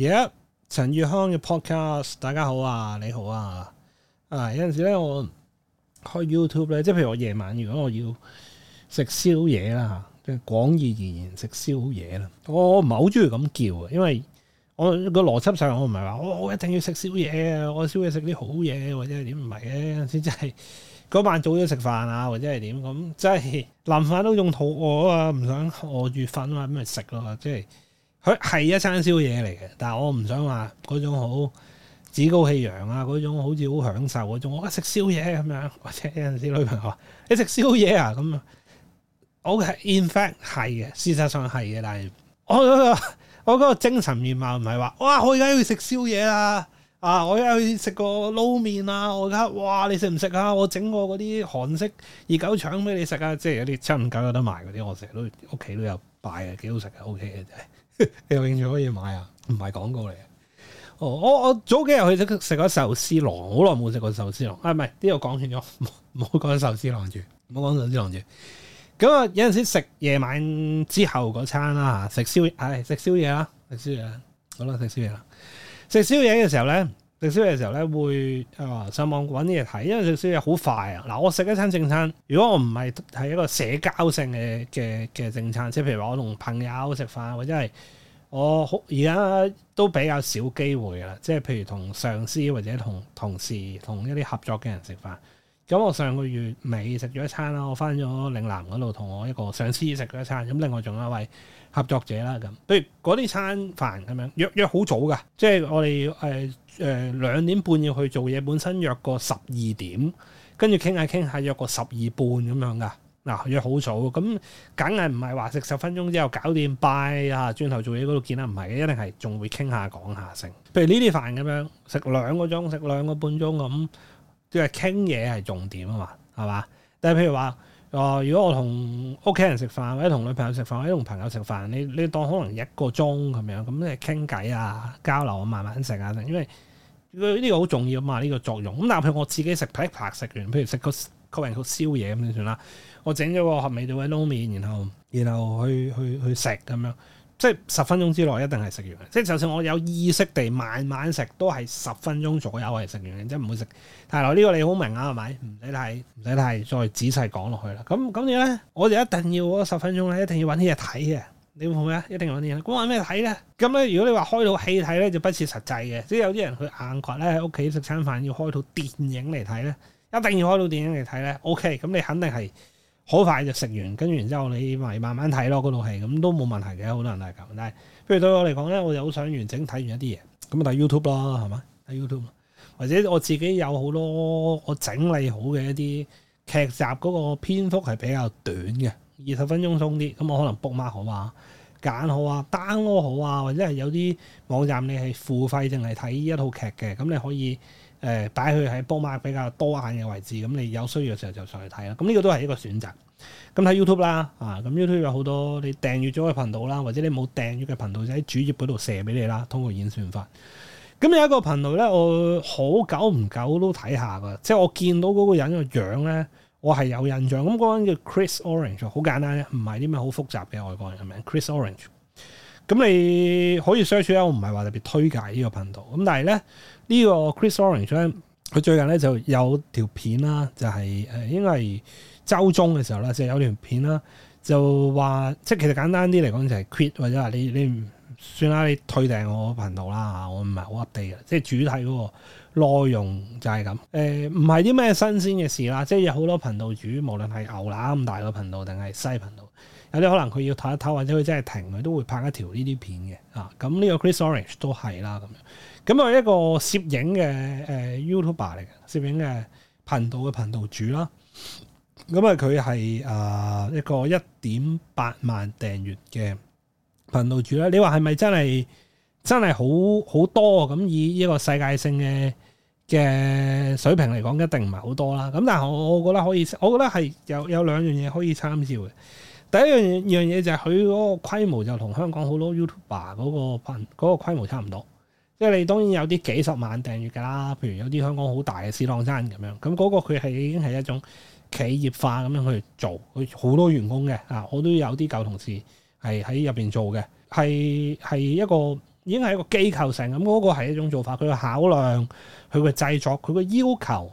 而家、yeah, 陳月康嘅 podcast，大家好啊，你好啊！啊有陣時咧，我開 YouTube 咧，即係譬如我夜晚，如果我要食宵夜啦，即係廣義而言食宵夜啦，我唔係好中意咁叫啊，因為我個邏輯上我唔係話我我一定要食宵夜啊，我宵夜食啲好嘢或者係點唔係嘅，有陣時真係嗰晚早都食飯啊，或者係點咁，即係臨飯，飯都仲肚餓啊，唔想餓住瞓啊，咁咪食咯，即係。佢係一餐宵夜嚟嘅，但係我唔想話嗰種，、啊、種好趾高氣揚啊，嗰種好似好享受嗰種。我食宵夜咁、啊、樣，或者有陣時女朋友話：你、欸、食宵夜啊？咁啊，OK。In fact 係嘅，事實上係嘅。但係我嗰、那個、個精神面貌唔係話哇！我而家要食宵夜啦啊！我而家去食個撈麵啊！我而家哇！你食唔食啊？我整個嗰啲韓式熱狗腸俾你食啊！即係有啲七五九有得賣嗰啲，我成日都屋企都有擺嘅，幾好食嘅，OK 嘅就係。你有興趣可以買啊，唔係廣告嚟嘅。Oh, 我我早幾日去食食咗壽司郎，好耐冇食過壽司郎。哎，唔係呢度講完咗，唔好講壽司郎住，唔好講壽司郎住。咁啊，有陣時食夜晚之後嗰餐啦，食宵，唉，食宵夜啦，食宵夜，好啦，食宵夜啦，食宵夜嘅時候咧。食宵嘅時候咧，會啊上網揾啲嘢睇，因為食宵夜好快啊。嗱，我食一餐正餐，如果我唔係係一個社交性嘅嘅嘅正餐，即係譬如話我同朋友食飯，或者係我好而家都比較少機會㗎啦。即係譬如同上司或者同同事同一啲合作嘅人食飯。咁我上個月尾食咗一餐啦，我返咗嶺南嗰度同我一個上司食咗一餐，咁另外仲有一位合作者啦咁，譬如嗰啲餐飯咁樣約約好早㗎，即係我哋誒誒兩點半要去做嘢，本身約個十二點，跟住傾下傾下約個十二半咁樣㗎，嗱、啊、約好早，咁梗係唔係話食十分鐘之後搞掂拜啊，轉頭做嘢嗰度見啦，唔係嘅，一定係仲會傾下講下先，譬如呢啲飯咁樣食兩個鐘，食兩個半鐘咁。即係傾嘢係重點啊嘛，係嘛？但係譬如話，哦、呃，如果我同屋企人食飯，或者同女朋友食飯，或者同朋友食飯，你你當可能一個鐘咁樣，咁你傾偈啊、交流啊，慢慢食啊，因為呢個好重要啊嘛，呢、呢個作用。咁但譬如我自己食劈柴，食完，譬如食個嗰樣個宵夜咁就算啦。我整咗個合味道嘅撈麵，然後然後去去去食咁樣。即係十分鐘之內一定係食完嘅，即係就算我有意識地慢慢食，都係十分鐘左右係食完嘅，即係唔會食。係啦，呢個你好明啊，係咪？唔使睇，唔使睇，再仔細講落去啦。咁咁嘅咧，我就一定要十分鐘咧，一定要揾啲嘢睇嘅。你會唔會啊？一定要揾啲嘢。咁揾咩睇咧？咁咧，如果你話開套戲睇咧，就不切實際嘅。即係有啲人去硬掘咧，喺屋企食餐飯，要開套電影嚟睇咧，一定要開套電影嚟睇咧。OK，咁你肯定係。好快就食完，跟住然之後你咪慢慢睇咯，嗰套戲咁都冇問題嘅，好多人都係咁。但係譬如對我嚟講咧，我就好想完整睇完一啲嘢，咁啊睇 YouTube 咯，係嘛？睇 YouTube 或者我自己有好多我整理好嘅一啲劇集，嗰個篇幅係比較短嘅，二十分鐘鬆啲，咁我可能 book mark 好，好啊，揀好啊，download 好啊，或者係有啲網站你係付費淨係睇一套劇嘅，咁你可以。誒擺佢喺波碼比較多眼嘅位置，咁你有需要嘅時候就上去睇啦。咁呢個都係一個選擇。咁睇 YouTube 啦，啊，咁 YouTube 有好多你訂閲咗嘅頻道啦，或者你冇訂閲嘅頻道就喺主頁嗰度射俾你啦，通過演算法。咁有一個頻道咧，我好久唔久都睇下噶，即係我見到嗰個人個樣咧，我係有印象。咁嗰個人叫 Chris Orange，好簡單啫，唔係啲咩好複雜嘅外國人名，Chris Orange。咁你可以 search 咧，我唔係話特別推介呢個頻道。咁但係咧，呢個 Chris Orange 咧，佢最近咧就有條片啦，就係誒應該係周中嘅時候啦，就是，即係有條片啦，就話即係其實簡單啲嚟講就係 quit 或者話你你算啦，你退訂我頻道啦吓，我唔係好 update 啊，即係主題嗰個內容就係咁。誒唔係啲咩新鮮嘅事啦，即係有好多頻道主，無論係牛腩咁大個頻道定係細頻道。有啲可能佢要唞一唞，或者佢真係停佢都會拍一條呢啲片嘅啊。咁、這、呢個 Chris Orange 都係啦，咁樣咁啊、這個、一個攝影嘅誒、呃、YouTuber 嚟嘅攝影嘅頻道嘅頻道主啦。咁啊佢係啊一個一點八萬訂閱嘅頻道主啦。你話係咪真係真係好好多？咁以呢個世界性嘅嘅水平嚟講，一定唔係好多啦。咁但係我，我覺得可以，我覺得係有有兩樣嘢可以參照嘅。第一樣樣嘢就係佢嗰個規模就同香港好多 YouTuber 嗰個頻嗰個規模差唔多，即係你當然有啲幾十萬訂閱㗎啦，譬如有啲香港好大嘅史朗山咁樣，咁嗰個佢係已經係一種企業化咁樣去做，佢好多員工嘅啊，我都有啲舊同事係喺入邊做嘅，係係一個已經係一個機構性咁嗰個係一種做法，佢嘅考量佢嘅製作佢嘅要求。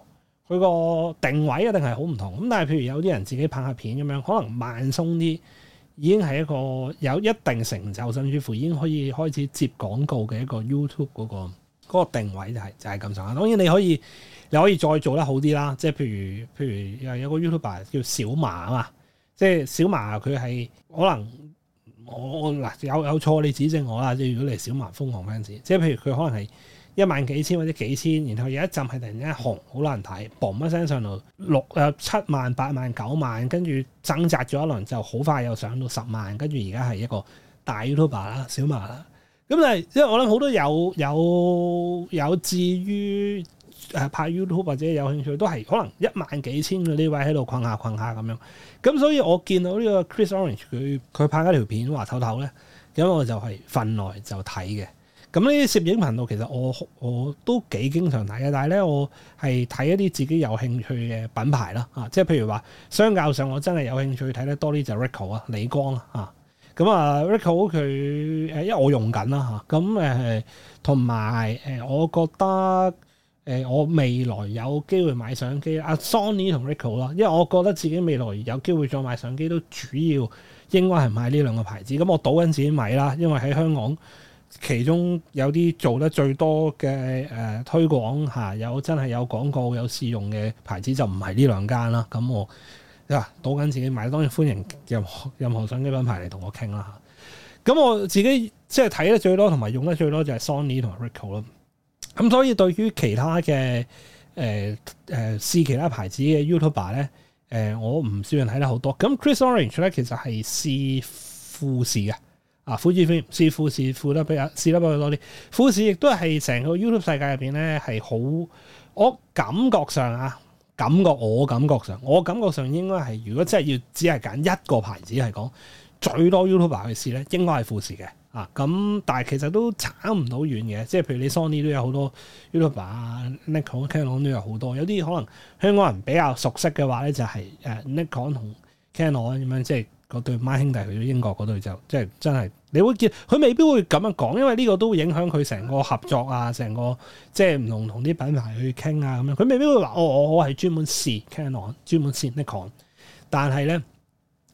佢個定位一定係好唔同。咁但係，譬如有啲人自己拍下片咁樣，可能慢鬆啲，已經係一個有一定成就，甚至乎已經可以開始接廣告嘅一個 YouTube 嗰個嗰個定位就係就係咁上下。當然你可以你可以再做得好啲啦。即係譬如譬如有有個 YouTuber 叫小馬啊，即係小馬佢係可能。我嗱有有錯你指正我啦！即係如果你係小麻瘋狂翻市，即係譬如佢可能係一萬幾千或者幾千，然後有一陣係突然間紅，好難睇，boom 一聲上到六啊七萬、八萬、九萬，跟住掙扎咗一輪，就好快又上到十萬，跟住而家係一個大 YouTuber 啦，小麻啦。咁但係即係我諗好多有有有志於。誒，拍 YouTube 或者有興趣都係可能一萬幾千嘅呢位喺度困下困下咁樣，咁所以我見到呢個 Chris Orange 佢佢拍一條片話抖抖咧，咁我就係分內就睇嘅。咁呢啲攝影頻道其實我我都幾經常睇嘅，但係咧我係睇一啲自己有興趣嘅品牌啦，啊，即係譬如話相較上，我真係有興趣睇得多啲就係 Ricoh 啊，理光啊，吓咁啊 Ricoh 佢誒，因為我用緊啦吓，咁誒同埋誒，我覺得。誒、呃，我未來有機會買相機，阿、啊、Sony 同 Ricoh 囉，因為我覺得自己未來有機會再買相機，都主要應該係買呢兩個牌子。咁我賭緊自己買啦，因為喺香港其中有啲做得最多嘅誒、呃、推廣嚇、啊，有真係有廣告有試用嘅牌子就唔係呢兩間啦。咁、嗯、我嗱賭緊自己買，當然歡迎任何任何相機品牌嚟同我傾啦嚇。咁、啊嗯、我自己即係睇得最多同埋用得最多就係 Sony 同 Ricoh 囉。咁、嗯、所以對於其他嘅誒誒試其他牌子嘅 YouTuber 咧，誒、呃、我唔算睇得好多。咁 Chris Orange 咧，其實係試富士嘅，啊富士試富士富得比較試得比較多啲。富士亦都係成個 YouTube 世界入邊咧係好，我感覺上啊，感覺我感覺上，我感覺上應該係如果真係要只係揀一個牌子係講最多 YouTuber 去試咧，應該係富士嘅。咁、啊、但係其實都差唔到遠嘅，即係譬如你 Sony 都有好多，YouTuber 啊，Nikon、YouTuber, Nikon, Canon 都有好多，有啲可能香港人比較熟悉嘅話咧、就係，就係、uh, 誒 Nikon 同 Canon 咁樣，即係嗰對孖兄弟去咗英國嗰度就即係真係，你會見佢未必會咁樣講，因為呢個都會影響佢成個合作啊，成個即係唔同同啲品牌去傾啊咁樣，佢未必會話、哦、我我我係專門試 Canon，專門試 Nikon，但係咧。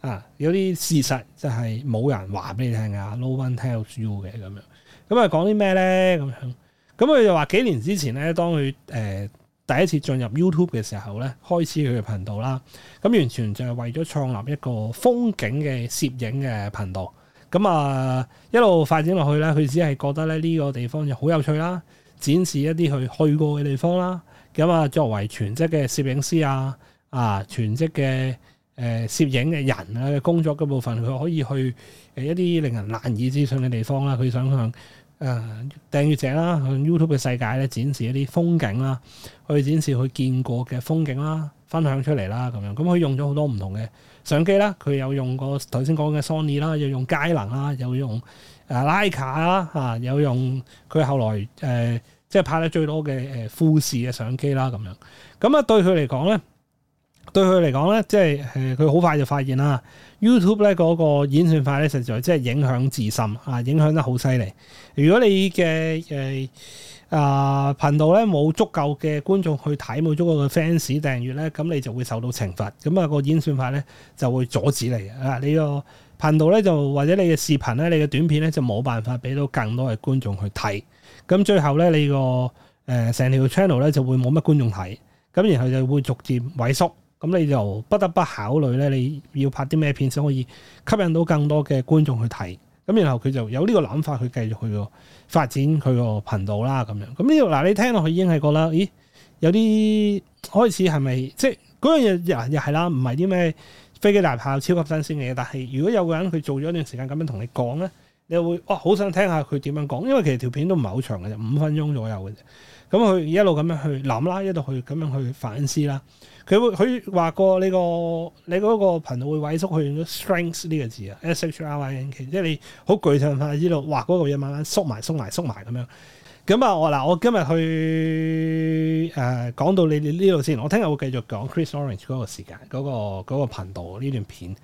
啊！有啲事實就係冇人話俾你聽啊，No one tells you 嘅咁樣。咁啊講啲咩咧？咁樣咁佢就話幾年之前咧，當佢誒、呃、第一次進入 YouTube 嘅時候咧，開始佢嘅頻道啦。咁、啊、完全就係為咗創立一個風景嘅攝影嘅頻道。咁啊一路發展落去咧，佢只係覺得咧呢個地方就好有趣啦，展示一啲佢去過嘅地方啦。咁啊作為全職嘅攝影師啊啊全職嘅。誒攝影嘅人啊，工作嘅部分佢可以去誒一啲令人難以置信嘅地方啦。佢想向誒訂閱者啦，向 YouTube 嘅世界咧展示一啲風景啦，去展示佢見過嘅風景啦，分享出嚟啦咁樣。咁佢用咗好多唔同嘅相機啦，佢有用個頭先講嘅 Sony 啦，又用佳能啦，又用誒 Leica 啊，又用佢後來誒、呃、即係拍得最多嘅誒、呃、富士嘅相機啦咁樣。咁啊對佢嚟講咧。對佢嚟講咧，即係誒，佢好快就發現啦。YouTube 咧嗰個演算法咧，實在即係影響至深啊，影響得好犀利。如果你嘅誒啊頻道咧冇足夠嘅觀眾去睇，冇足夠嘅 fans 訂閱咧，咁你就會受到懲罰。咁啊，個演算法咧就會阻止你啊，你個頻道咧就或者你嘅視頻咧、你嘅短片咧就冇辦法俾到更多嘅觀眾去睇。咁最後咧，你個誒成條 channel 咧就會冇乜觀眾睇，咁然後就會逐漸萎縮。咁你就不得不考慮咧，你要拍啲咩片先可以吸引到更多嘅觀眾去睇。咁然後佢就有呢個諗法，去繼續去發展佢個頻道啦。咁樣咁呢度，嗱，你聽落去已經係覺得，咦，有啲開始係咪即係嗰樣嘢又又係啦？唔係啲咩飛機大炮、超級新鮮嘅嘢。但係如果有個人佢做咗一段時間咁樣同你講咧，你會哇好、哦、想聽下佢點樣講，因為其實條片都唔係好長嘅啫，五分鐘左右嘅啫。咁佢一路咁樣去諗啦，一路去咁樣去反思啦。佢會佢話過呢個你嗰個頻道會萎縮去 strength 呢個字啊，s h r i n k，即係你好具象化知道，哇嗰、那個嘢慢慢縮埋縮埋縮埋咁樣。咁啊我嗱我今日去誒、呃、講到你哋呢度先，我聽日會繼續講 Chris Orange 嗰個時間嗰、那個嗰、那個頻道呢段片。